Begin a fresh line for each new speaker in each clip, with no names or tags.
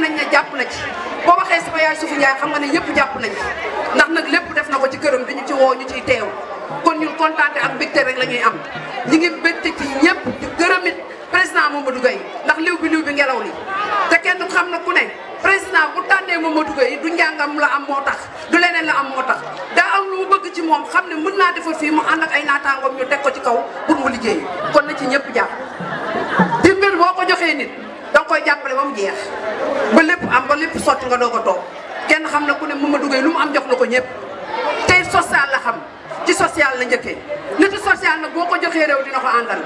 xam nañ jàpp na ci boo waxee sama Suufu Njaay xam nga ne ñëpp jàpp nañ ndax nag lépp def na ko ci këram bi ñu ci woo ñu ciy teew kon ñun kontaante ak mbégte rek la ñuy am ñi ngi mbégte ci ñëpp di moom président Mamadou Gueye ndax liw bi liw bi ngelaw ni te kenn xam na ku ne président bu tànnee Mamadou Gueye du njàngam la am moo tax du leneen la am moo tax daa am lu mu bëgg ci moom xam ne mun naa defar fii mu ànd ak ay naataangoom ñu teg ko ci kaw pour liggéey kon ci ñëpp jàpp danga koy jàppale ba mu jeex ba lépp am ba lépp sotti nga doog ko toog kenn xam ne ku ne ma duggee lu mu am jox na ko ñëpp tey social la xam ci social la njëkkee nitu social nag boo ko joxee réew dina ko àndal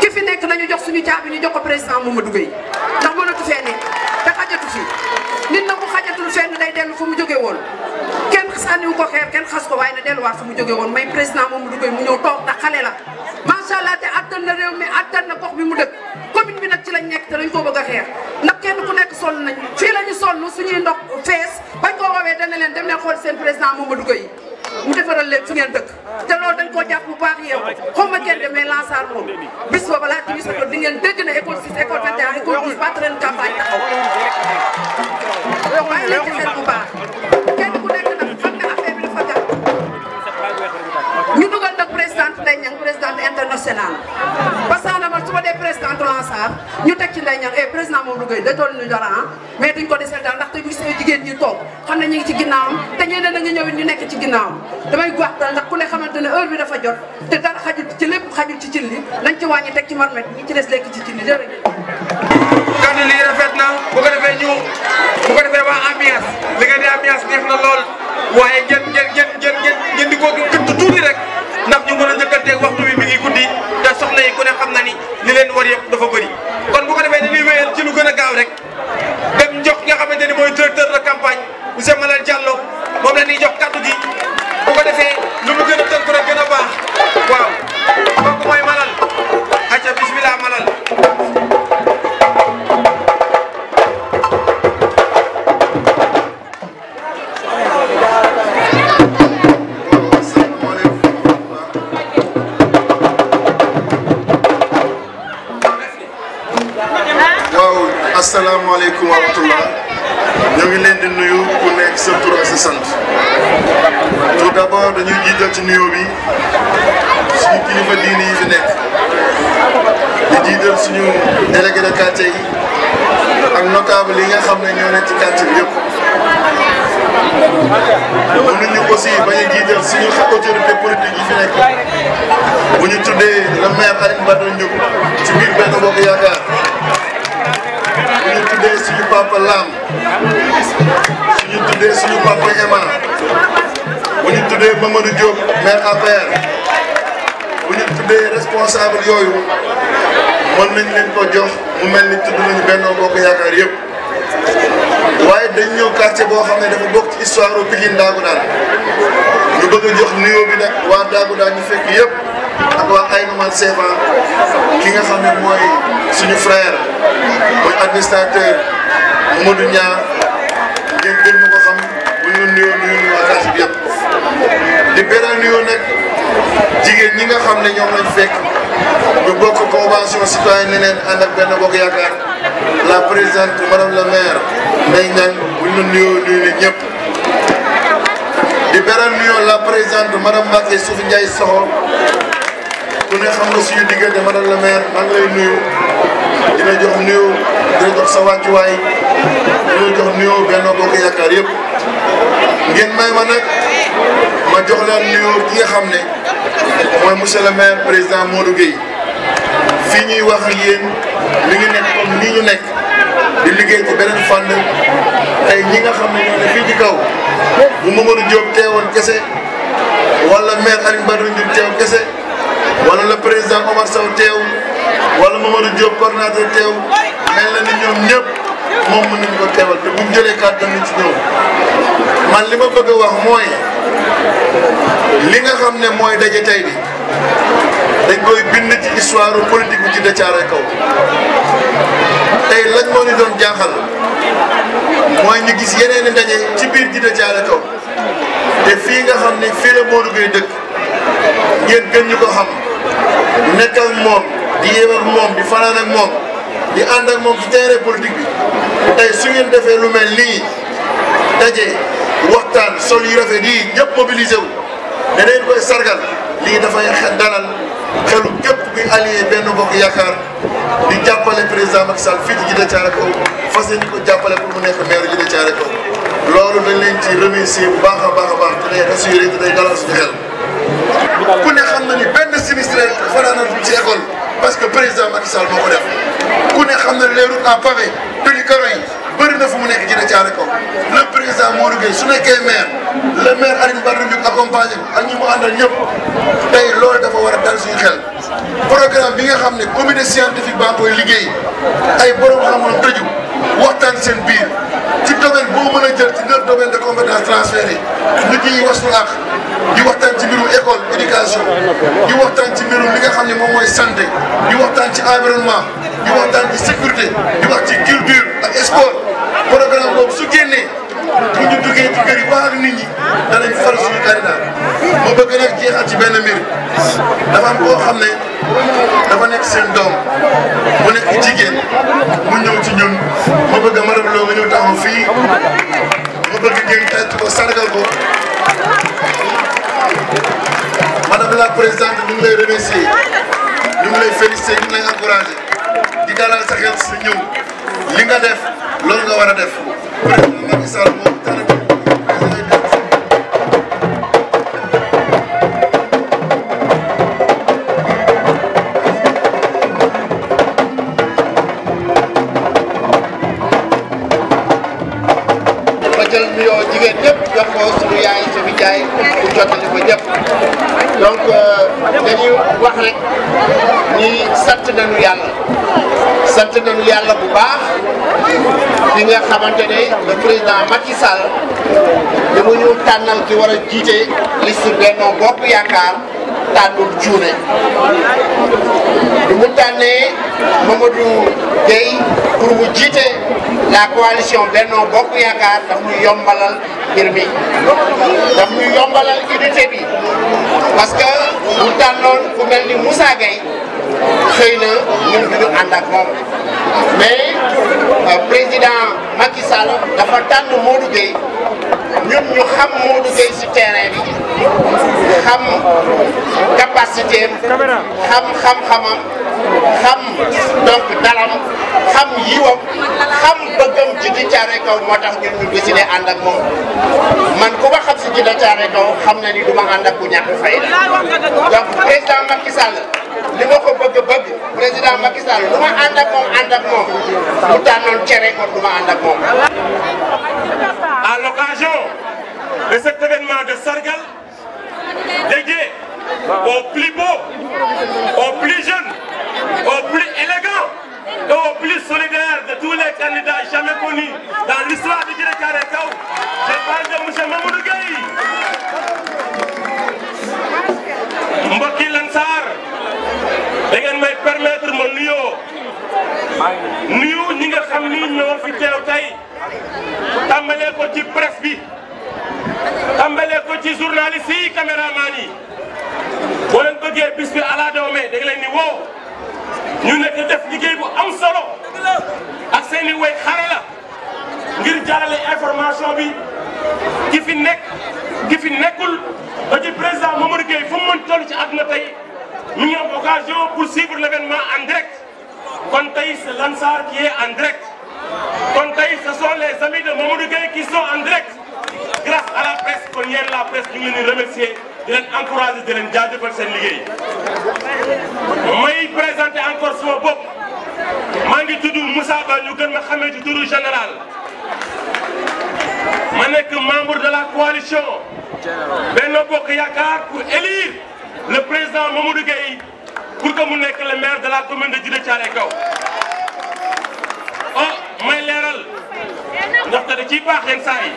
ki fi nekk nañu jox suñu caabi ñu jox ko président Mamadou Gueye ndax mënatu fee nekk te xajatu fi nit na bu xajatul fenn day dellu fu mu jógee woon sànniwu ko xeer kenn xas ko waaye na delluwaat fu mu jóge woon may président moom du koy mu ñëw toog ndax xale la macha allah te attan na réew mi attan na gox bi mu dëkk commune bi nag ci lañ nekk te dañ ko bëgg a xeer ndax kenn ku nekk sol nañ fii la ñu sol suñuy ndox fees bañ ko woowee dana leen dem leen xool seen président Mamadou Gueye mu defaral leen fi ngeen dëkk te loolu dañ koo jàpp bu baax yeew xaw ma kenn demee Lansar moom bis booba di ngeen dégg na école 6 école 21 école 12 battre international basaana man su ma dee président transar ñu teg ci nday ñaan e eh, président moom Louga da tool ñu dara mais dañ ko desel daal ndax te gis jigéen ñi toog xam ne ñu ngi ci ginnaawam te ñeneen ñu nekk ci ginnaawam damay gwaxtal ndax ku ne xamante ne heure bi dafa jot te dara xajul ci lépp xajul ci cin li nañ ci wàññi teg ci marmet ñi ci des lekk ci cin li jërëjëf kàddu lii rafet
na bu ko defee ñu bu ko defee waa ambiance li nga di ambiance neex na lool waaye ngeen rek ndax ñu mën a njëkkanteeg waxtu wi mi ngi guddi te soxna yi ku ne xam na ni li leen war yëpp dafa bëri kon bu ko defee dañuy wéyal ci lu gën a gaaw rek dem jox nga xamante ni mooy directeur de campagne monsieur Malal Diallo moom la ñuy jox kàddu di bu ko defee lu mu gën a tënk rek gën a baax
asalaamaaleykum wa rahmatullah ñoo ngi leen di nuyu ku nekk sa tur ak sant tout d'abord dañuy jiital ci nuyoo bi suñu kilifa diini yi fi nekk di jiital suñu délégué de quartier yi ak notable li nga xam ne ñoo nekk ci quartier bi yëpp mënuñu aussi bañ a jiital suñu autorité politique yi fi nekk bu ñu tuddee le maire Alioune Badara Ndiob tuddee suñu papa Ema bu ñu tuddee Mamadou Diop maire APR tuddee responsable yooyu mën nañ leen ko jox mu mel ni tudd nañu Benno Bokk Yaakaar yëpp waaye dañ ñëw quartier boo xam ne dafa bokk ci histoire u Pikine Dagoudane ñu bëgg a jox nuyoo bi nag waa Dagoudane ñu fekk yëpp ak waa Aïnoumane Sefa ki nga xam ne mooy suñu frère mooy administrateur Mamadou Niang di beral nuyoo nag jigéen ñi nga xam ne ñoom lañ fekk ñu bokk convention citoyenne neneen ànd ak benn bokk yaakaar la présidente madame la maire Ndeye Niang buñ la nuyoo nuyu ne ñëpp di beral nuyoo la présidente madame Mbacke Souf Ndiaye Soxo ku ne xam na suñu diggante madame la maire maa ngi lay nuyu dina jox nuyoo dina jox sa wàccuwaay dina jox nuyoo benn bokk yaakaar yëpp ngeen may ma nag ma jox leen nuyoo ki nga xam ne mooy monsieur le maire président Modou Gueye fii ñuy wax ak yéen mi ngi nekk comme ñu nekk di liggéey ci beneen fànn tey ñi nga xam ne ñoo ne fii ci kaw bu Mamadou Diop teewoon kese wala maire Alioune Badara Diop teew kese wala le président Omar Sow teew wala Mamadou Diop coordinateur teew mel na ni ñoom ñëpp. moom mën nañu ko teewal te bu mu jëlee kàddu nañ ci ñëw man li ma bëgg a wax mooy li nga xam ne mooy daje tey bi dañ koy bind ci histoire politique bu Djiddah Kaw tey lañ moo ñu doon jaaxal mooy ñu gis yeneen i daje ci biir Djiddah Thiaroye Kaw te fii nga xam ne fii la dëkk ngeen gën ñu ko xam nekk ak moom di yeew ak moom di fanaan ak moom di ànd ak moom ci terrain politique tey su ngeen defee lu mel nii daje waxtaan sol yu rafet yii ñëpp mobilisé wu ne dañ koy sargal lii dafay dalal xelu képp kuy allié benn bokk yaakaar di jàppale président Macky Sall fii ci Djiddah Thiaroye Kaw fas yéene ko jàppale ku mu nekk maire Djiddah Thiaroye Kaw loolu dañ leen ci remercier bu baax a baax baax te day rassuré te day dalal suñu xel ku ne xam na ni benn sinistré fanaanatul ci école parce que président Macky Sall moo ko def ku ne xam na les routes en pavé tëli yi bëri na fu mu nekk dina caare ko le président Modou su nekkee maire le maire Alioune Badara Diouf accompagné ak ñi mu àndal ñëpp tey loolu dafa war a dal suñu xel programme bi nga xam ne comité scientifique baa koy liggéey ay borom xam-xam tëju waxtaan seen biir ci domaine boo mën a jël ci neuf domaine de compétence transférées nit ñi waslu ak di waxtaan ci mbirum école éducation di waxtaan ci mbirum li nga xam ne moom mooy santé di di waxtaan ci sécurité di wax ci culture ak sport programme boobu su génnee bu ñu duggee ci kër yi wax ak nit ñi danañ fal suñu candidat ma bëgg nag jeexal ci benn mbir dafa am koo xam ne dafa nekk seen doom mu nekk jigéen mu ñëw ci ñun ma bëgg madame Lo nga ñëw taxaw fii ma bëgg ngeen tàcc ko sargal ko madame la présidente ñu ngi lay remercier ñu ngi lay féliciter ñu ngi di dalal sa xel sa ñëw li nga def loolu nga war a def président Macky Sall moom dara
donc euh, dañuy wax rek ni sant nañu yàlla sant nañu yàlla bu baax li nga xamante ne le président Macky Sall li mu ñu tànnal ki war a jiite liste Benno Bokk Yaakaar tànnul cuune du mu tànnee Mamadou Gueye pour mu jiite la coalition Benno Bokk Yaakaar daf ñu yombalal mbir mi daf ñu yombalal unité bi parce que mu tànnoon ku mel ni Moussa Gueye xëy na ñun du ànd ak moom mais euh, président Macky dafa tànn Modou Gueye ñun ñu xam Modou Gueye si terrain bi xam capacité xam xam-xamam xam donc dalam xam yiwam xam bëggam Djiddah Thiaroye Kaw moo tax ñun ñu décidé ànd ak moom man ku ma xam si Djiddah Thiaroye Kaw xam na ni du ànd ak ku ñàkk fayda donc président Macky li ma ko bëgg bëgg président Macky Sall lu ma ànd ak moom ànd moom bu tànnoon cere kon du
ma ànd ak moom. à l'occasion de cet événement de sargal dédié aux plus beaux, aux plus jeunes, aux plus élégants et aux plus solidaires de tous les candidats jamais connus dans l'histoire de Djidah Thiaroye Kao. Je parle de monsieur da ngeen may permettre ma nuyoo nuyu ñi nga xam ni ñoo fi teew tey tàmbalee ko ci presse bi tàmbalee ko ci journaliste yi caméraman yi boo leen bëggee bis bi ala doome da nga leen ni woo ñu nekk def liggéey bu am solo ak seeni way xarala ngir jaarale information bi ki fi nekk ki fi nekkul ba ci président Mamadou Gueye fu mu mën toll ci àdduna tey Nous avons l'occasion pour suivre l'événement en direct. Contaïs Lansar qui est en direct. Contaïs, ce sont les amis de Mamoudou Gueye qui sont en direct. Grâce à la presse, qu'on y ait la presse, nous les remercier, de les encourager, de les pour cette ligue. Je vais présenter encore son pop. Je suis Moussa Ba, nous sommes du Tour Général. Je suis membre de la coalition.
Benno
Bokk Yakaar pour élire le président Mamadou Gueye pour que mu nekk le maire de la commune de Djidah Thiaroye Kao oh may leeral ndaxte da ciy baax yenn saa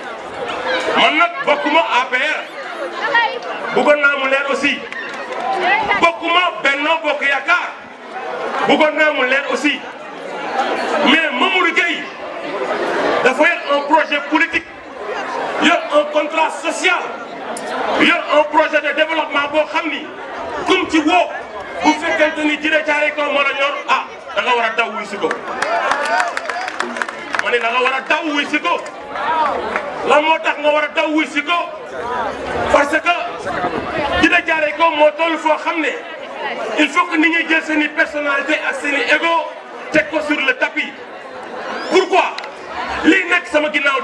man nag bokkuma APR bëggoon naa mu leer aussi bokkuma Benno Bokk Yaakaar bëggoon naa mu leer aussi mais Mamadou Gueye dafa yor projet politique yor un contrat social yor projet de développement boo xam ni kum ci woo bu fekkente ni Djiddah Thiaroye ko moo la ñor ah nga war a daw wuy si ko ma ne nga a daw wuy si ko lan moo tax nga war a daw wuy si ko parce que Djiddah Thiaroye Kaw moo toll foo xam ne il faut que nit ñi jël seen i personnalité ak seen i ego teg ko sur le tapis pourquoi lii nekk sama ginnaaw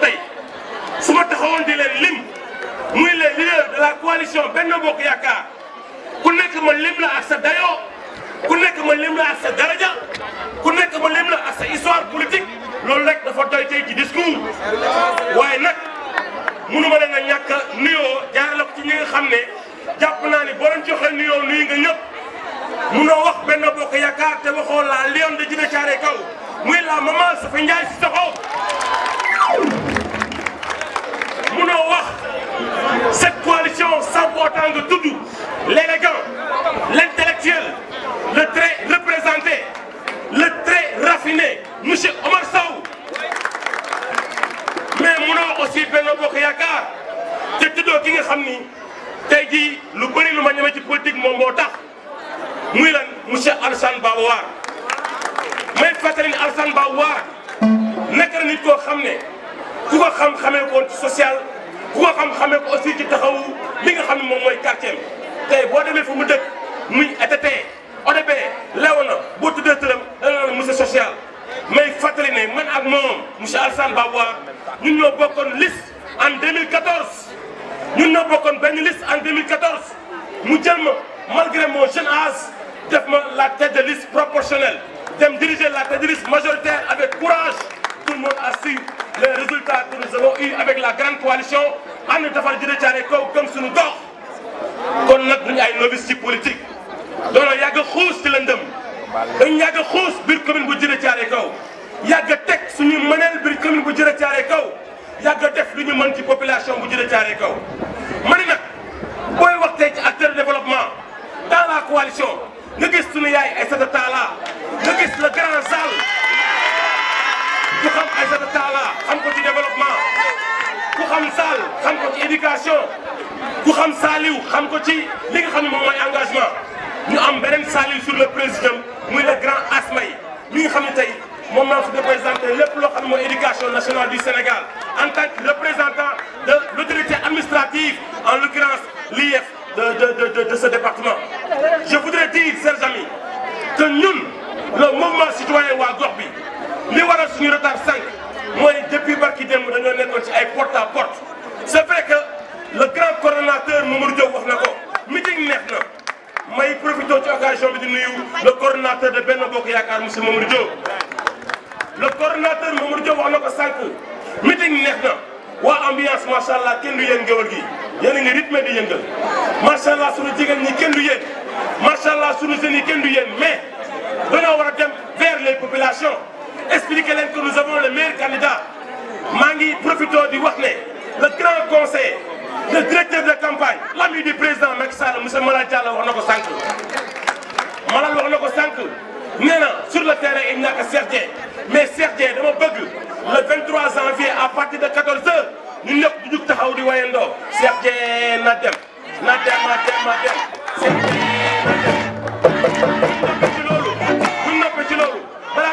coalition Benno Bokk Yaakaar ku nekk ma lim la ak sa dayoo ku nekk ma lim la ak sa daraja ku nekk ma lim la ak sa histoire politique loolu rek dafa doy tey ci discours waaye nag munu ma leen a ñàkk a nuyoo jaarale ko ci ñi nga xam ne jàpp naa ni boo leen joxe nuyoo nuyu nga ñëpp munoo wax Benno Bokk Yaakaar te waxoo la Lion de Djidah Thiaroye Kao muy la maman Safa Ndiaye Cissokho munoo wax. Cette coalition sans autant de tout, l'élégant, l'intellectuel, le très représenté, le très raffiné, M. Omar Sow. Mais mon aussi Benno Bokk Yaakaar te tuddoo ki nga xam ni te ji lu bëri lu ma ñeme ci moom moo tax muy lan monsieur Alassane Ba War may fàttali ni Alassane Ba War nekk na nit xam ne ku ko xam-xamee woon social. ku ko xam xamee ko aussi ci taxawu li nga xam ne moom mooy quartier bi tey boo demee fu mu dëkk muy ETT ODP lew na boo tuddee tëram dana la monsieur social may fàttali ne man ak moom monsieur Alassane Babois ñun ñoo bokkoon liste en 2014 ñun ñoo bokkoon benn liste en 2014 mu jël ma malgré moo jeune âge def ma la tête de liste proportionnelle dem diriger la tête de liste majoritaire avec courage tout le monde les résultats que nous avons eus avec la grande coalition ànd defar Djidah Thiaroye Kaw gëm suñu dox kon nag duñu ay novice ci politique doona yàgg a xuus ci lëndëm dañ yàgg a xuus biir commune bu Djidah Thiaroye Kaw yàgg teg suñu mëneel biir commune bu Djidah Thiaroye Kaw yàgg a def lu ñu mën ci population bu Djidah Thiaroye Kaw ma ne nag booy waxtee ci acteur développement dans la coalition nga gis suñu yaay Aïssata Talla nga gis le grand Sall ku xam Aïssata Talla xam ko ci développement ku xam Sall xam ko ci éducation ku xam Saliou xam ko ci li nga xam ne moom mooy engagement ñu am beneen Saliou sur le président muy le grand Asmay mi nga xam ne tey moom maa fi représenté lépp loo xam ne mooy du Sénégal en tant que représentant de l' autorité administrative en l'occurrence l'IEF de de de ce département. je voudrais dire chers amis que ñun le mouvement citoyen waa gox bi. li waral suñu retard sànq mooy depuis barki démb dañoo nekkoon ci ay porte à porte c'est vrai que le grand coordonnateur Mamadou Diop wax na ko meeting neex na may profité ci occasion bi di nuyu le coordonnateur de benn Bokk Yaakaar monsieur Mamadou Diop. le coordonnateur Mamadou Diop wax na ko sànq meeting neex na waa ambiance macha allah kenn du yéen ngéwal gi yéen a ngi rythme di yëngal macha allah suñu jigéen ñi kenn du yéen macha allah suñu jeunes yi kenn du yéen mais. expliquer leen que nous avons le meilleur candidat maa ngi profito di wax ne le grand conseil le directeur de campagne l'ami du président Macky Sall monsieur Malal Diallo wax na ko sànq Malal wax na ko sànq nee na sur le terrain il n'y a que Cheikh Dieng mais Cheikh Dieng dama bëgg le 23 janvier à partir de 14 heures ñu ñëpp ñu jug taxaw di wayandoo Cheikh Dieng na dem na dem na dem na dem Cheikh Dieng na dem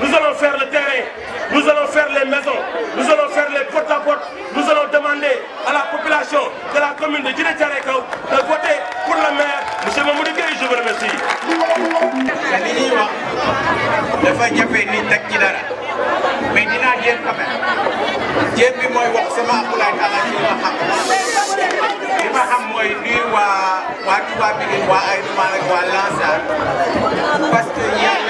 lu allons faire le terrain, nous allons faire les maisons, nous allons faire les porte-à-porte, -porte. nous allons demander à la population de la commune de Djiné-Thiaroye-Kao de voter pour le maire monsieur Mamadou Gueye je vous remercie. te li ñuy wax dafa jafe ni teg ci dara mais dinaa jéem
quand même jéem bi mooy wax sama akulaay
ala ci li ma
xam
ma xam mooy nuyu waa waa Touba Biguène waa Aïnoumane ak waa Lansar parce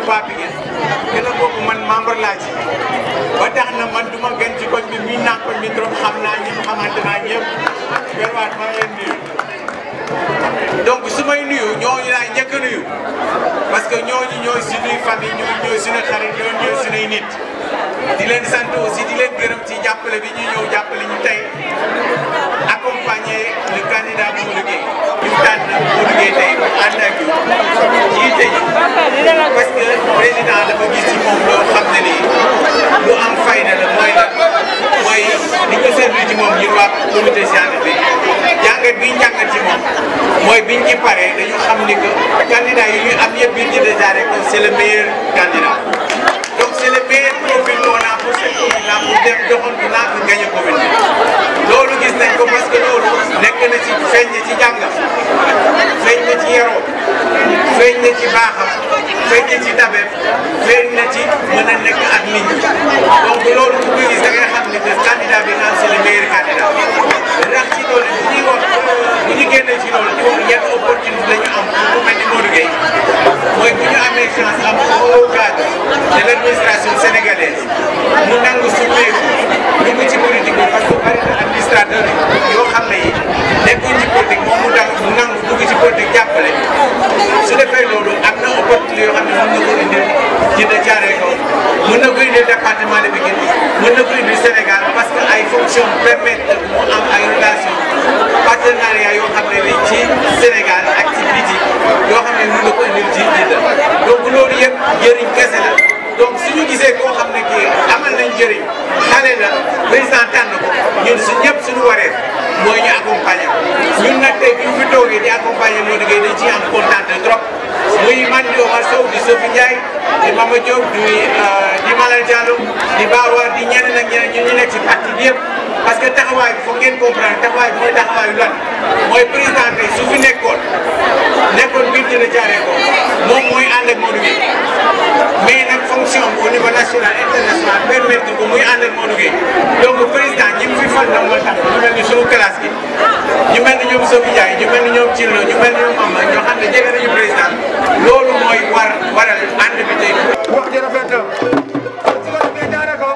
Touba Biguène keneen boobu man membre laa ci ba tax na man du ma gën ci koñ bi miin naa koñ bi trop xam naa ñëpp xamante naa ñëpp berwaat maa leen nuyu donc su may nuyu ñooñu laay njëkk nuyu parce que ñooñu ñooy suñuy famille ñooñu ñooy suñuy xarit ñooñu ñooy suñuy nit di leen sant aussi di leen gërëm ci jàppale bi ñu ñëw jàppale ñu tey accompagner le candidat Modou Gueye ñu tànn Modou Gueye tey mu ànd ak ñu jiite ñu parce que président dafa gis ci moom loo xam ne nii lu am fayda la mooy la mooy li ko seetlu ci moom ñun waa comité scientifique bi jàngat bi njàngat ci moom mooy biñ ci paree dañu xam ni que candidat yi ñuy am yëpp biñ ci déclaré que c'est le meilleur candidat naa pour dem doxantu naa pour loolu gis nañ ko parce que loolu nekk na ci feeñ na ci jàngam feeñ na ci yaroo feeñ na ci baaxam feeñ na ci tabeem feeñ na ci mën a nekk ak nit ñi da bi le meilleur candidat ci loolu bu ñuy wax bu ñu génnee ci loolu di wax yan opportunité la ñu de l'administration sénégalaise mu nangu sukkeeku dugg ci politique bi yoo xam ne yi nekkuñ ci politique mu tax mu nangu dugg ci politique jàppale su defee loolu am na opportunité yoo xam ne mën na ko indil ci de jaaree ko mën na ko indil de Pikine mën na ko Sénégal parce que ay fonction permettre mu am ay relation partenariat yoo xam ne ni ci Sénégal ak ci biti yoo xam ne mën na ko indil ci Djidda donc loolu yëpp njëriñ kese la donc suñu gisee koo xam ne kii amal nañ njëriñ xale la président tànn ko ñun su ñëpp suñu waree mooy ñu accompagner ñun nag tey bi ñu fi toogee di accompagner moo liggéey dañ ciy am kontaan trop muy man di Omar Sow di Sophie di Mama Diop di euh, di Malal Diallo di Bawa di ñeneen ak ñeneen ñu nekk ci parti yëpp parce que taxawaay bi foog ngeen comprendre taxawaay bi mooy taxawaayu lan mooy président tey su fi nekkoon nekkoon mbir dina jaaree ko moom mooy ànd ak Modou Gueye mais nag fonction au niveau national international permettre ko muy ànd ak Modou donc président ñi fi fal ndàmbal tax ñu mel ni suñu classe gi ñu mel ni ñoom Sophie Ndiaye ñu ñu mel ni ñoom Amma ne jege loolu mooy war waral ànd bi tey. wax ji rafet
loolu day daanaka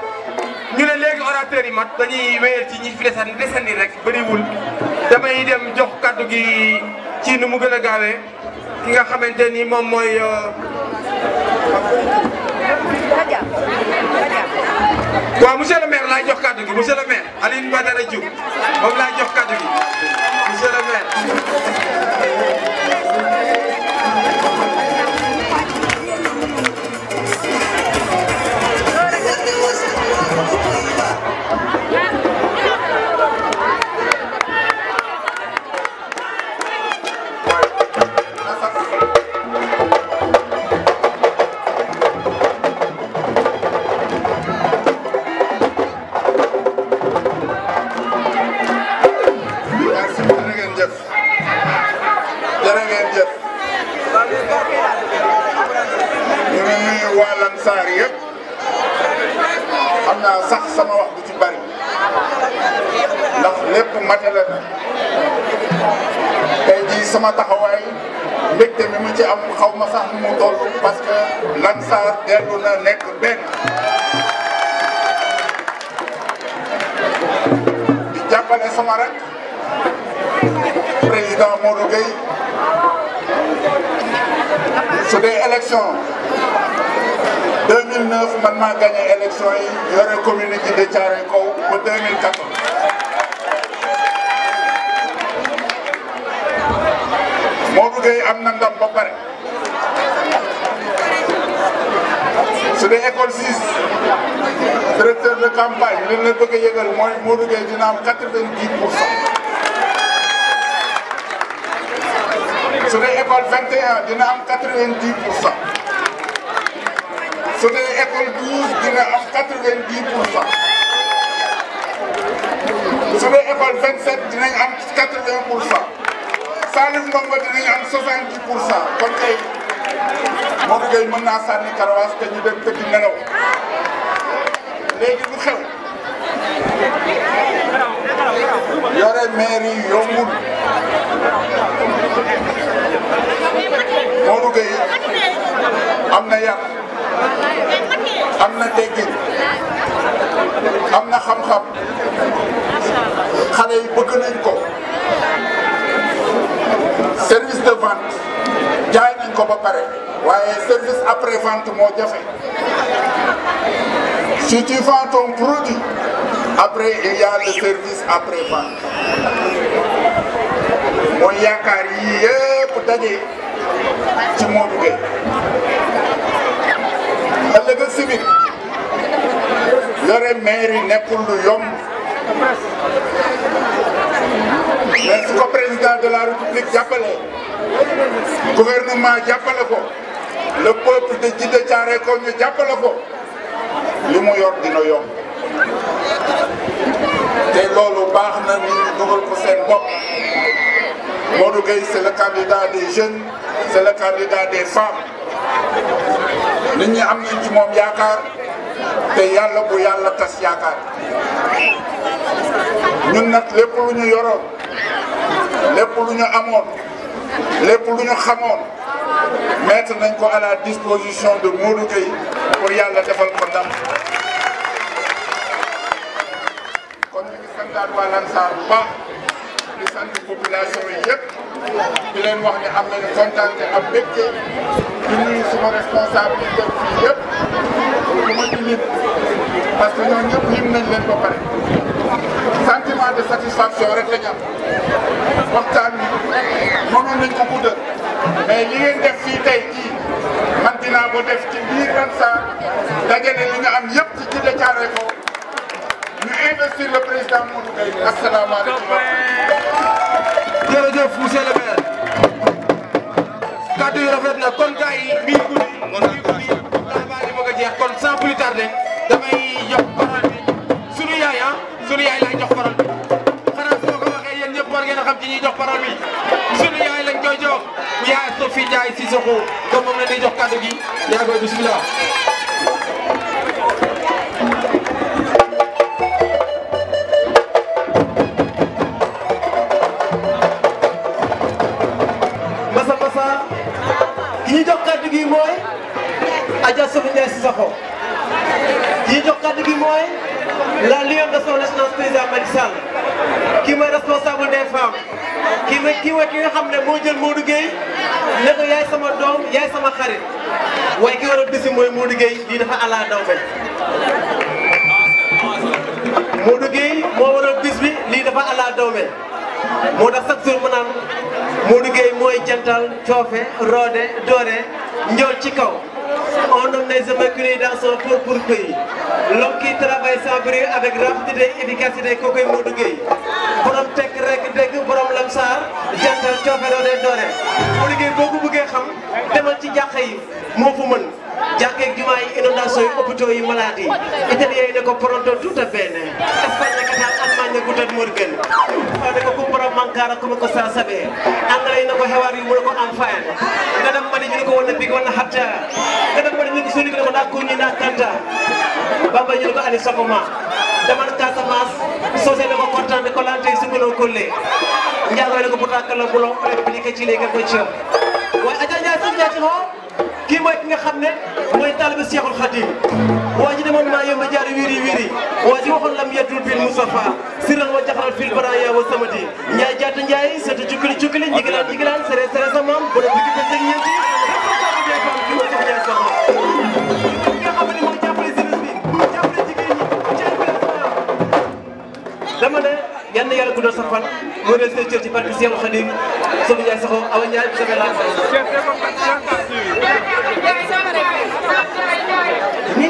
ñu ne léegi orateurs yi mat dañuy wéyal ci ñi fi desandi desandi rek bëriwul dem jox kaddu gi ci nu mu gën a gaawee ki nga xamante ni moom mooy. Euh, waaw le maire laay jox kàddu gi monsieur le maire Alioune Badara Diouf moom jox kàddu gi monsieur le
mu toll parce que Lansar dellu na nekk benn. di jàppale sama rak président Modou Gueye su dee élection 2009 man maa gagné yi yore commune yi de Thiaroye Kaw ba 2014. Modou am na ndam ba pare suñu école 6 directeur de campagne li ñu la bëgg a yëgal mooy Modou Gueye dina am 90 pour cent. suñu école 21 dina am 90 pour cent. suñu école 12 dina am 90 pour cent. suñu école 27 dinañ am 80 pour cent. Salif Ndongo dinañ am 70 pour cent kon tey. moo ko gay mën naa karawaas te ñu dem tëdd nelaw léegi lu xew yore mairie yombul Modou Gueye am na yar am na teggin am na xam-xam xale yi bëgg nañ ko service de vente jaay nañ ko ba pare waaye service après vente moo jafe si tu vends ton produit après il y service après vente mooy yaakaar yii yëpp daje ci Modou Gueye ëllëg ak si biir yore mairie nekkul lu yomb mais su ko président de la république jàppale gouvernement jàppale ko le peuple de Djidda Thiaroye Kaw ñu jàppale ko li mu yor dina yomb te loolu baax na nit ñi dugal ko seen bopp Modou Gueye c'est le candidat des jeunes c'est le candidat des femmes nit ñi am nañ ci moom yaakaar te yàlla bu yàlla tas yaakaar ñun nag lépp lu ñu yoroon lépp lu ñu amoon lépp lu ñu xamoon mettre nañ ko à la disposition de Modou Gueye pour yàlla defal ko ndam kon ñu ngi santaat waa Lansar bu baax sant population yi yëpp di leen wax ne am nañu a te am mbégte di nuyu responsable yi dem fii yëpp lu parce que ñoo ñëpp lim nañ leen ba pare de satisfaction rek la ñu am mënoon nañ ko guddal mais li ngeen def fii tey jii man dinaa ko def ci biir Lansar dajale li nga am yëpp ci ci décaré ko ñu investir le président Modou Gueye asalaamaaleykum.
jërëjëf monsieur le maire
kàddu yi rafet na kon gars yi bii guddi bii guddi travail yi bëgg a jeex kon sans plus tarder damay jox parole bi sunu yaay ah sunu yaay laay jox parole bi xanaa su ma ko waxee yéen ñëpp war ngeen a xam ci ñuy jox parole bi. fi jaay si soxo comme moom jox kàddu gi ñu
jox kàddu gi mooy Adja Sow Ndiaye si soxo ki ñu jox kàddu gi mooy la lionne de son excellence président Macky Sall qui est responsable des femmes. kii nag kii waa ki nga xam ne moo jël Modou Gueye ne ko yaay sama doom yaay sama xarit waaye ki war a bési mooy Modou Gueye lii dafa àllaa daw mel. bis bi lii dafa àllaa daw mel moo tax chaque jour mu naan Modou Gueye mooy jantal coofe roode doore njool ci kaw on ne les évacués dans son pour pour pays. l'homme qui travaille sans bruit avec rapidité et efficacité kookoy Modou Gueye borom tekk rek dégg borom lamsaar jantal coofero de doole Modou Gueye boo ko bëggee xam demal ci jàq yi moo fu mën jàkkee jumaa yi inondation yi hôpitaux yi malade yi italien yi ne ko pronto tuta bene Espagne ka tan Allemagne gutat morgan fa ne ko kumpara mankara kuma ko sa sabe anglais yi ne ko hewari mu ko am fayan gadam mani ñu ko wona big wona hatta gadam mani ñu suni ko da ko ñi na kanta bamba ñu ko ali sakoma damal Casamance sosé ne ko kontaan ko lante sukulo kolle njago ne ko butakala bulo république ci legal ko ci way aja ja sun ja ci ho kii mooy ki nga xam ne mooy taalibe Seexul Xadiim waa ji demoon maa yomba jaar wiri wiri waa ji waxoon lam yadul bil Mustafa siral wa jaxral fil baraya wa samadi njaay jaata njaay sëtu cukkili cukkili njigilaan njigilaan sere sere sa maam borom bi gis nañ ñeenti dama ne yal na yàlla guddal sa fan mu ne say cër ci barke Seexul Xadiim Soxna Ndiaye Sakho Awa Ndiaye bi sama
laaj Ni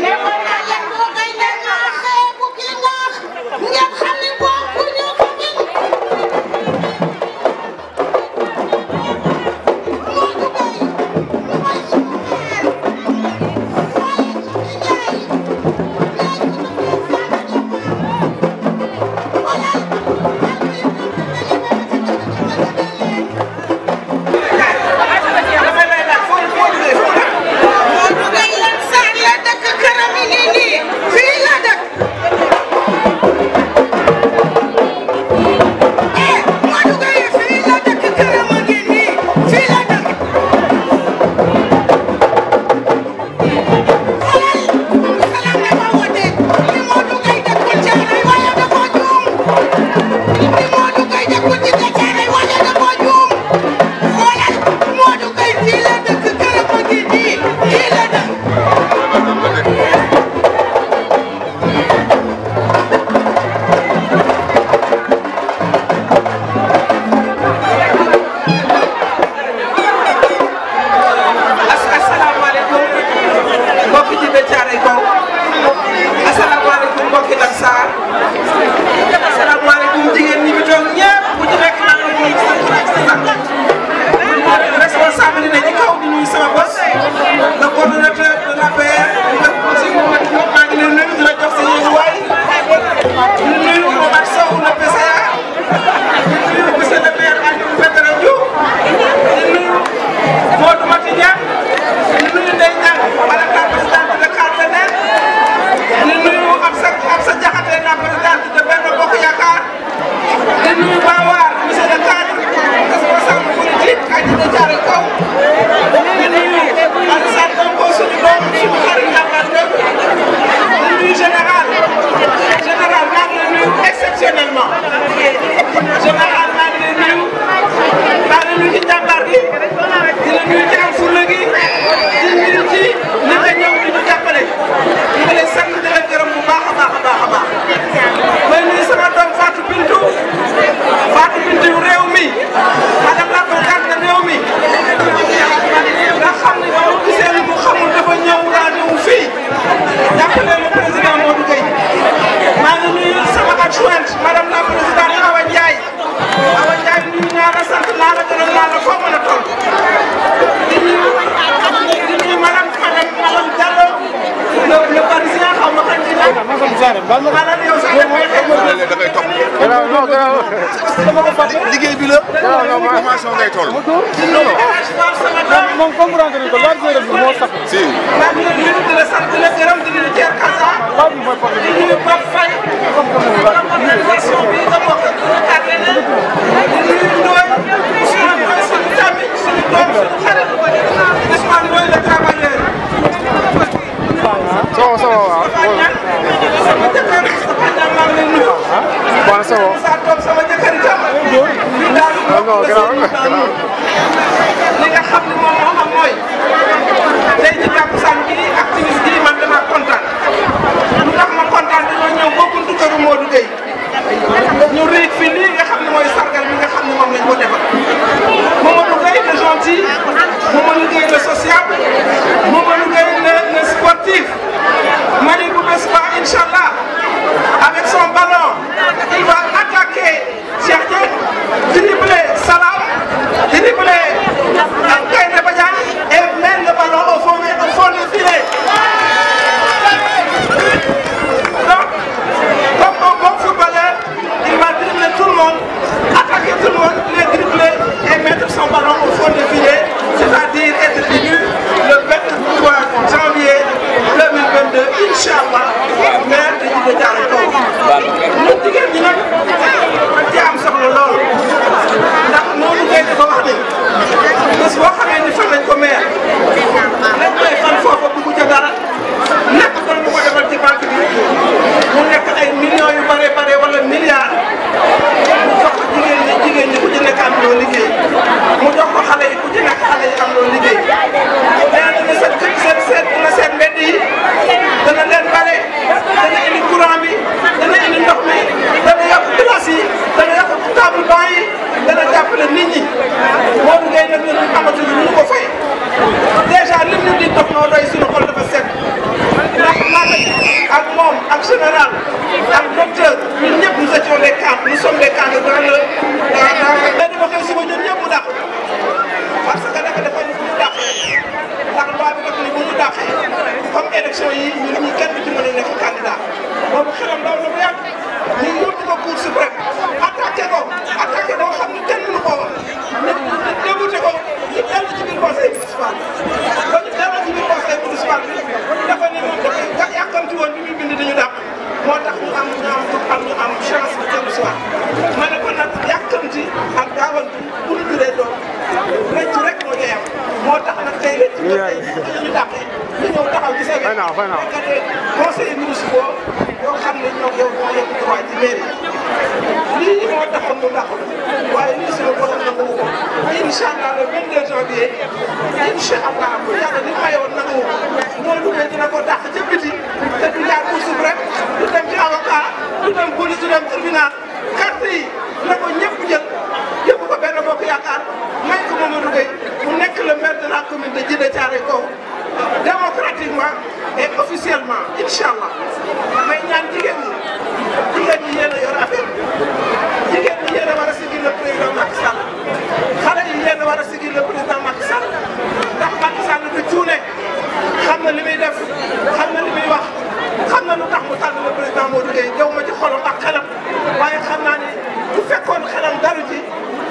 xelam dalu ci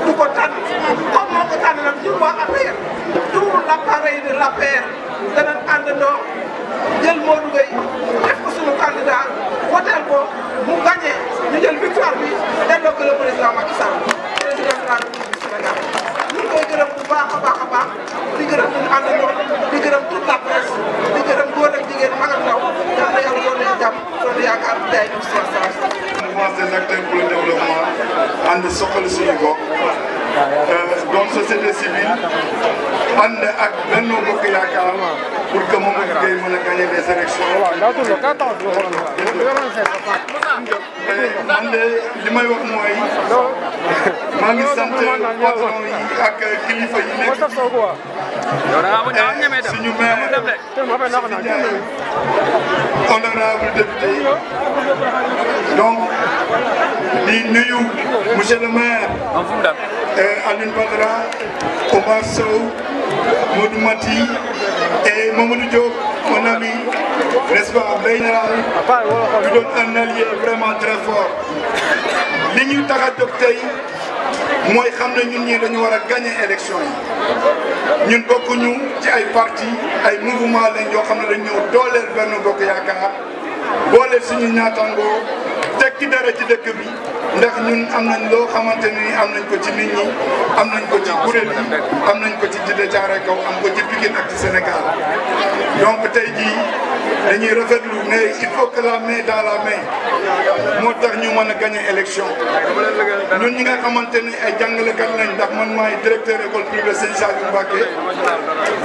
du ko tànn comme moo ko tànn nag ñun waa APR tout l'appareil de l'APR danañ àndandoo jël Modou Gueye def ko suñu candidat woteel ko mu gagné ñu jël victoire bi delloo ko le président Macky Sall président de la République du Sénégal ñu ngi koy gërëm bu baax a baax a baax di gërëm suñu àndandoo di gërëm toute la presse di gërëm góor jigéen mag ak ndaw yal na yàlla
doon nañu jàpp doon yaakaar tey ñu seet saa mouvement des
acteurs pour le développement ànd soxali suñu gox donc société civile ànd ak Benno Bokk Yaakaar pour que Mamadou Gueye mën a gagner les élections. man de li may wax mooy
maa ak kilifa yi nekk ci suñu maire suñu jaay donc di nuyu
monsieur maire. Aline Badara Omar Sow Modou Mati et Mamadou Diop mon ami n'est-ce pas Bénéral ñu doon un allié vraiment très fort li ñuy tax a jóg tey mooy xam na ñun ñii dañu war a gagné élection yi ñun bokkuñu ci ay parti ay mouvement lañ yoo xam ne dañ ñëw dooleel benn bokk yaakaar booleel suñu ñaatangoo tekki dara ci dëkk bi ndax ñun am nañ loo xamante ni am nañ ko ci nit ñi am nañ ko ci kuréel yi am nañ ko ci Djidah Thiaroye Kaw am ko ci Pikine ak ci Sénégal donc tey jii dañuy lu ne il faut que la main dans la main moo tax ñu mën a gagné élection ñun ñi nga xamante ni ay jàngalekat lañ ndax man maay directeur école privée Sëñ Saliou Mbacké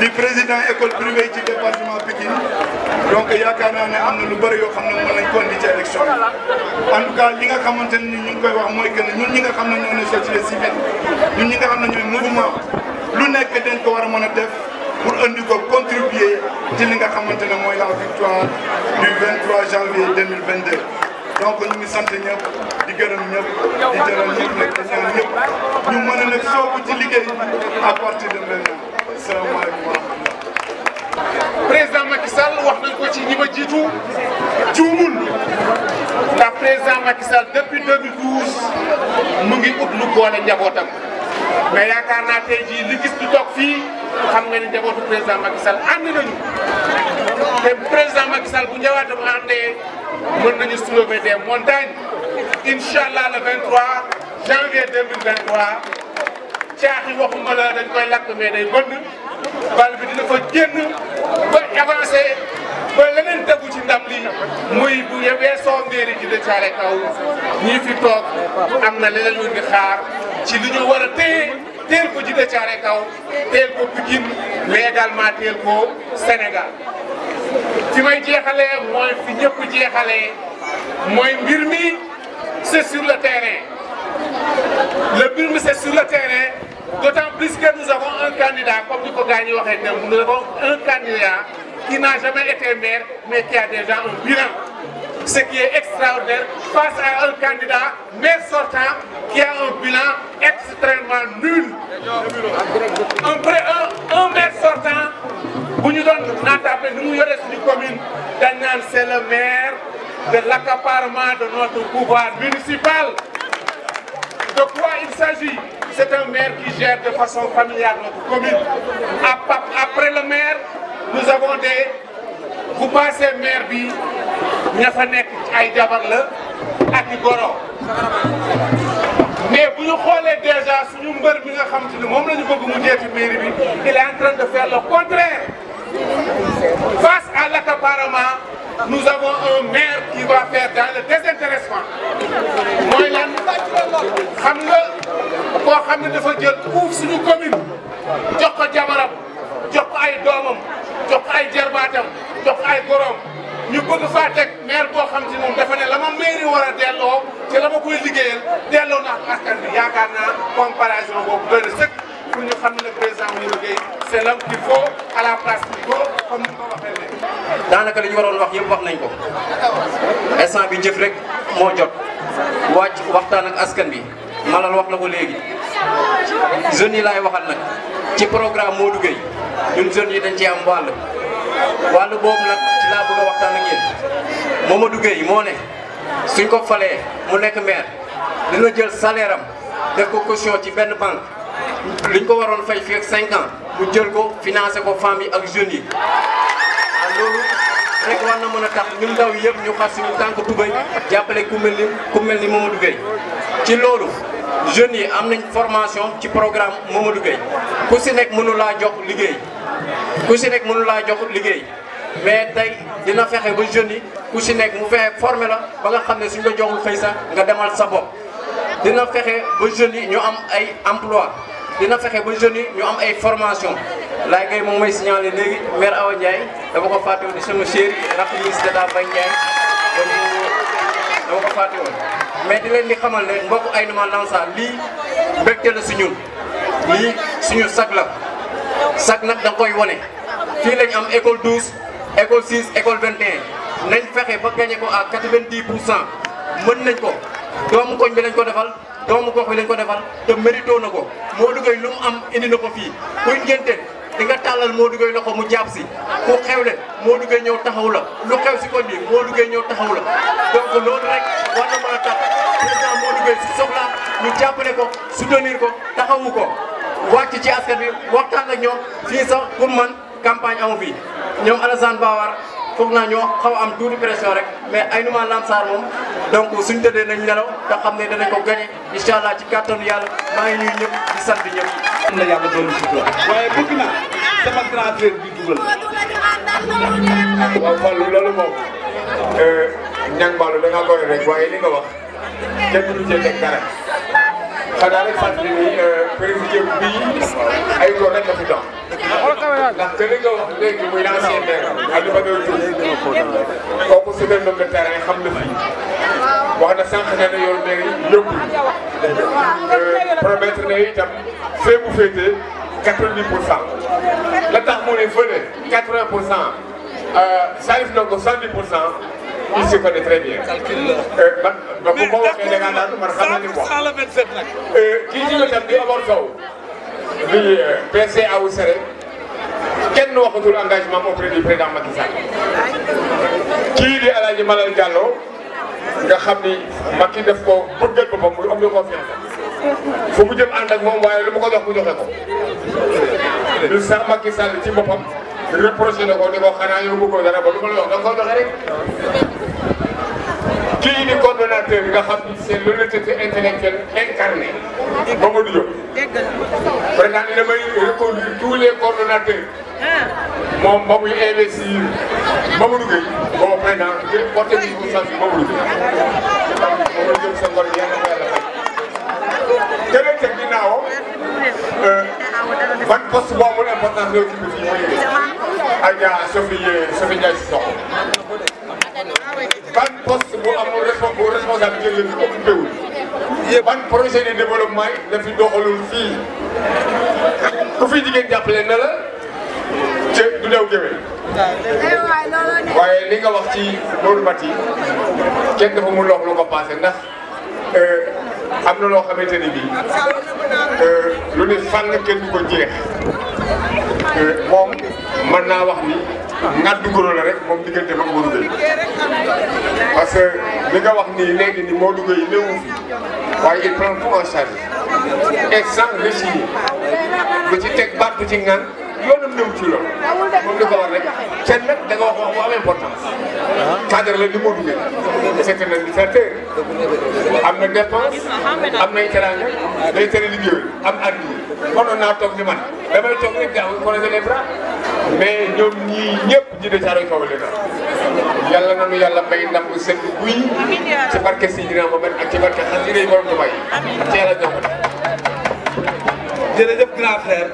di président école privée ci département Pikine donc yaakaar naa ne am na lu bari yoo xam ne mën nañ ko indi ci élection en tout cas li nga xamante ne ñu ngi koy wax mooy que ne ñun ñi nga xam ne ñoo ne société civile ñun ñi nga xam ne ñooy mouvement lu nekk dañ ko war a mën a def pour andi ko contribuer ci li nga xamante ne mooy la victoire du 23 janvier 2022. donc ñu ngi sant ñëpp di gërëm ñëpp di jëral ñëpp nag di ñaan ñëpp ñu mën a nag soobu ci liggéey à partir de maintenant
salaamaaleykum. président Macky Sall wax nañ ko ci ñi ma jiitu juumul ndax président Macky Sall depuis 2012 mu ngi ut lu boole njabootam mais yaakaar naa tey jii li gis du toog fii xam nga ni njabootu président Macky Sall ànd nañu te président Macky Sall bu njabootam àndee mën nañu soulever des montagnes incha allah le 23 janvier 2023 caaxi waxuma la dañ koy lakk mais day bënn. bal bi dina fa génn ba avancé ba leneen tegu ci ndam li muy bu weesoo Ndéri ji de Thialé kaw ñi fi toog am na leneen lu ci li ñu war a teel ko ji de Thialé kaw teel ko Pikine mais également teel ko Sénégal ci may jeexalee mooy fi ñëpp jeexalee mooy mbir mi c'est sur le terrain le mbir mi c'est sur le terrain D'autant plus que nous avons un candidat, comme Nico Gagné nous avons un candidat qui n'a jamais été maire, mais qui a déjà un bilan. Ce qui est extraordinaire face à un candidat maire sortant qui a un bilan extrêmement nul. Un, un, un maire sortant, vous nous donnez nous commune, c'est le maire de l'accaparement de notre pouvoir municipal. de quoi il s'agit C'est un maire qui gère de façon familiale notre commune. Après le maire, nous avons des... Vous passez maire bi, ña fa nekk ay jabar la ak i goro. mais bu ñu xoolee déjà suñu mbër mi nga xam te ne moom la ñu bëgg mu jeeti bi il est en de faire le contraire face à l'accaparement nous avons un maire qui va faire dans le désintéressement mooy lan xam nga koo xam ne dafa jël uuf si commune jox ko jabaram jox ko ay doomam jox ay jarbaatam jox ay gorom ñu bëgg faa maire boo xam ci moom dafa ne la ma mairie a delloo ci la ma koy delloo na ak
askan bi yaakaar naa comparaison pour ñu xam ne président Bassirou Guèye c'est l'homme qu'il faut à la place qu'il daanaka li ñu waroon wax yëpp wax nañ ko instant bi jëf rek moo jot wàcc waxtaan ak askan bi malal wax la ko léegi jeunes yi laay waxal nag ci programme Modou Guèye ñun jeunes yi dañ ci am wàll wàll boobu nag ci laa bëgg waxtaan ak yéen Mamadou Guèye moo ne suñ ko falee mu nekk maire dina jël saleeram am def ko caution ci benn banque. liñ ko waroon fay fi ak 5 ans mu jël ko financé ko femmes yi ak jeunes yi waaw loolu rek war na mën a tax ñun ndaw yëpp ñu xas suñu tànk tubay jàppale ku mel ni ku mel ni ci loolu jeunes yi am nañ formation ci programme Mamadou Gueye ku si nekk mënu jox liggéey ku si nekk mënu laa jox liggéey mais tey dina fexe ba jeunes yi ku si nekk mu fexe formé la ba nga xam ne suñ la joxul xëy sax nga demal sa bopp dina fexe ba jeunes yi ñu am ay emploi dina fexe ba jeunes yi ñu am ay formation laa gay moom may signalé léegi maire Awa Ndiaye dama ko fàtte woon di sama chéri rakk la d'État Mbaye Ndiaye dama ko fàtte woon mais di leen di xamal ne mbokk Aïnouma Lansar lii mbégte la si ñun lii suñu sag la sag nag da koy wone fii lañ am école 12 école 6 école 21 nañ fexe ba gagné ko à 90 pour cent mën nañ ko doomu koñ bi lañ ko defal doomu gox bi lañ ko defal te mérito na ko Modou Gueye lu mu am indi na ko fii kuy ngénte di nga tàllal Modou Gueye loxo mu jàpp si ku xewle Modou Gueye ñëw taxaw la lu xew si koñ bi Modou Gueye ñëw taxaw la donc loolu rek war na mën a tax si Modou Gueye su soxlaa ñu jàppale ko soutenir ko taxawu ko wàcc ci askan bi waxtaan ak ñoom fii sax pour man campagne amu fi ñoom Alassane Bawar foog naa ñoo xaw am tuuti pression rek mais Aïnoumane Lansar moom donc suñ tëddee nañ nelaw te xam ne danañ ko gagné incha allah ci kàttanu yàlla maa ngi nuyu ñëpp di sant ñëpp. am na yàlla doon sutura waaye bëgg naa sama grand frère bi dugal. waaw Fallou loolu
euh, da ngaa waaye li nga wax kenn duñu cee teg xanaa a fàttali ni euh, président bii ay góor rek la fi dox ndax te li nga wax léegi muy l'ancien maire Aliou Badara Diouf kooku su dee nombre de terrain xam na fii wax na sànq nee na yow léegi yóbbul promettre na itam fee bu féetee pour cent la tax mu ne fële 80 pour cent Salif Ndongo 70 pour cent. il se connaît très bien. Euh, man ba bu ko waxee da ngaa naan man xam bi euh, Omar Sow bi euh, PCA wu Sere kenn waxatul engagement auprès du président Macky Sall kii di El Hadj Malal Diallo nga xam ni Macky def ko bëggal boppam muy am lu confiance fu mu jëm ànd moom waaye lu mu ko jox mu joxe ko. lu sax Macky Sall ci boppam reproché na ko ni ko xanaa yow bëggoo ko joxe rek. kii di coordonnateur nga xam ni c'est l'honnêteté intellectuelle incarnée Mamadou Diop. par exemple damay reconduire tous les coordonnateurs ah. moom ba muy investir Mamadou Gueye bon président di porté bi pour sant Mamadou Gueye. Mamadou Diop sa ngor yàlla na ko yàlla fay. keneen teg ginnaawam euh, ban poste boo amul importance nga occupé fii mooy Adja Sophie euh, Sophie Ndiaye si soxla. ban poste bu amul responsable responsabilité yéen ñu occupé wul ban projet de développement yi la fi doxalul fii ku fi jigéen jàppale na la ca du dew jëme waaye li nga wax ci Modou Mati kenn dafa mu loox lu ko passé ndax euh, am na loo xamante ni bii euh, lu ne fànn kenn du ko jeex euh, moom mën naa wax ni ngaddu goro la rek moom diggante mag Modou Gueye parce que li nga wax nii léegi ni Modou Gueye néewu fi waaye il prend tout en charge et sans bu ci teg baat bu ci ngaan loolu néew ci loolu moom dafa war rek kenn nag da nga wax wax bu
am
ah. la ni moo duggee c'est am na dépense am na teraanga day tere liggéey am ardi mënoon naa toog ni man damay toog rek gaaw croiser les bras mais ñoom ñii ñëpp ñi de caaroy kaw leen yàlla nanu yàlla may ndam bu set ci barke Sidina Mohamed ak ci barke xas yi ak ci yàlla jox jërëjëf grand frère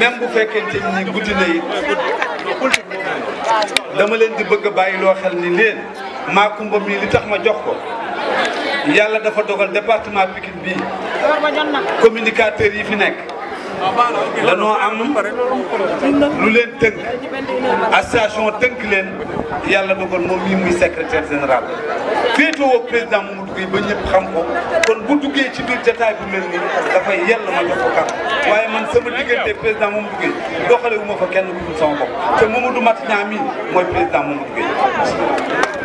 même bu fekkente
ni guddi na yi dama leen di bëgg a bàyyi loo xel ni leen maa kumba mii li tax ma jox ko yàlla dafa dogal département Pikine bii communicateurs yi fi nekk danoo am lu leen tënk association tënk leen yàlla dogal moom mii muy secrétaire général féetewoo président dugg Gueye ba ñëpp xam ko kon bu duggee ci biir jataay bu mel nii dafay yell ma jox ko waaye man sama diggante président Mamadou Gueye doxale wu ma fa kenn ku dul sama bopp te Mamadou Mati Niang mii mooy président Mamadou Gueye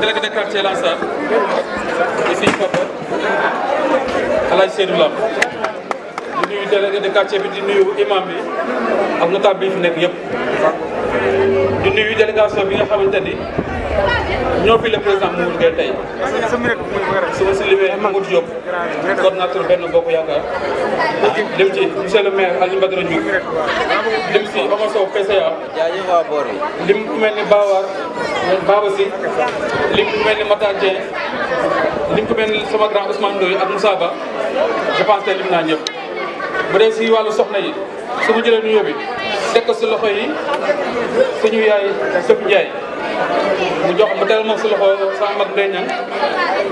délégué de quartier Lansar di suñu papa El Hadj Seydou Lam di nuyu délégué de quartier bi di nuyu imam bi ak notable bi fi nekk yëpp di nuyu délégation bi nga xamante ni ñoo fi le président Mamadou Gueye tey su ma si limee Mamadou Diop coordinateur benn bokk yaakaar lim ci monsieur le maire Aliou Badara Diouf lim si Omar Sow PCA lim ku mel ni Bawar Baba Si lim ku mel ni Matar Dieng lim ku mel ni sama grand Ousmane Ndoye ak Moussa Ba je pense que lim naa ñëpp bu dee si wàllu soxna yi su ma jëlee nuyoo bi teg ko si loxo yi suñu yaay Sëpp Ndiaye mu jox mu teral ma si loxo sama mag Ndeye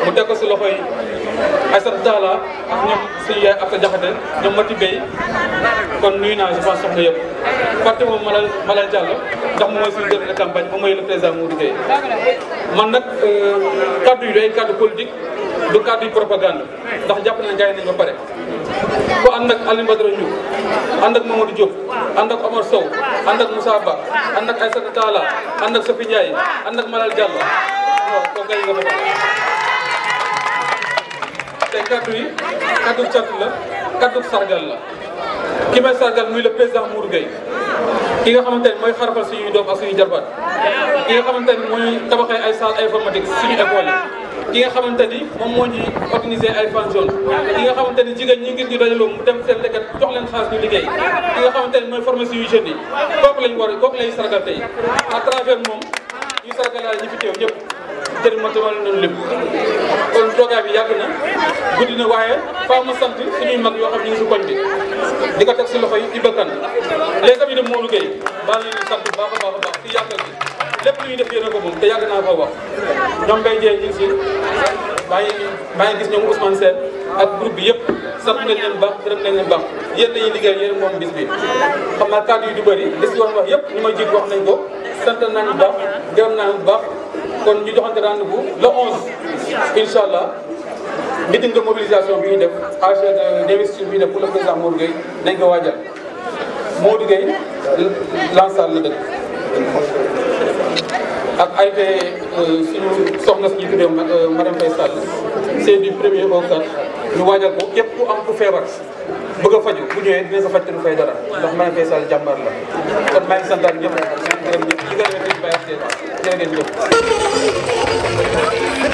mu teg ko si loxo yi Aïssatou Diallo ak ñoom suñu yaay Absa Diakhaté ñoom Mati Bey kon nuyu naa je pense soxna yëpp fàtte moom Malal Malal Diallo ndax moom mooy suñu directeur de campagne moom mooy le président Mourou Gueye man nag euh, kaddu yi day kaddu du kàddu yi propagande ndax jàpp nañ gaay nañ ba pare ku ànd ak Alioune Badara Ndiouf ànd ak Mamadou Diop ànd ak Omar Sow ànd ak Moussa Ba ànd ak Aïssata Talla ànd ak Sophie Ndiaye ànd ak Malal Diallo la kàddu sargal la ki may sargal muy le président Mour Gueye ki nga xamante ne mooy xarafal suñuy doom ak suñuy jarbaat ki nga xamante ne mooy tabaxee ay salle informatique suñu école yi ki nga xamante ni moom moo ñuy organiser ay fan zone ki nga xamante ni jigéen ñi ngir ñu dajaloo mu dem seen lekkat jox leen xaalis ñu liggéey ki nga xamante ni mooy formation yu jeunes yi kooku lañ war kooku lañ sargal tey à ma tamal nañu lépp kon toogaay bi yàgg na guddi na waaye faa ma sant suñuy mag yoo xam ñu ngi si koñ bi di ko teg si loxo yi di bëkkan les amis de Modou Gueye maa sant bu baax baax baax si yàggal bi lépp lu ñuy def yéen ko moom te yàgg naa ko wax ñoom Mbaye Dieng ñu ngi si maa ngi maa ngi gis ñoom Ousmane Sène ak groupe bi yëpp sant nañ leen baax gërëm nañ leen baax yéen dañuy liggéey yéen moom bis bi xam naa bëri li si wax yëpp ñu ma jiit wax nañ ko sant nañ bu baax dem naa bu baax kon ñu joxante rendez-vous le 11 incha allah meeting mobilisation bi ñu def ag d'investiture bi ñu def pour le président Modou Gueye nañ ko waajal Modou Gueye Lansar la dëkk ak AFP euh, suñu soxna si ñu tuddee madame euh, Faye Sall c'est du premier au ñu waajal ko képp ku am ku feebar bëgg a faju bu ñëwee dina sa faj te du fay dara ndax madame Faye Sall jàmbar la kon maa ngi santaan ñëpp ñëpp ñëpp ñëpp ñëpp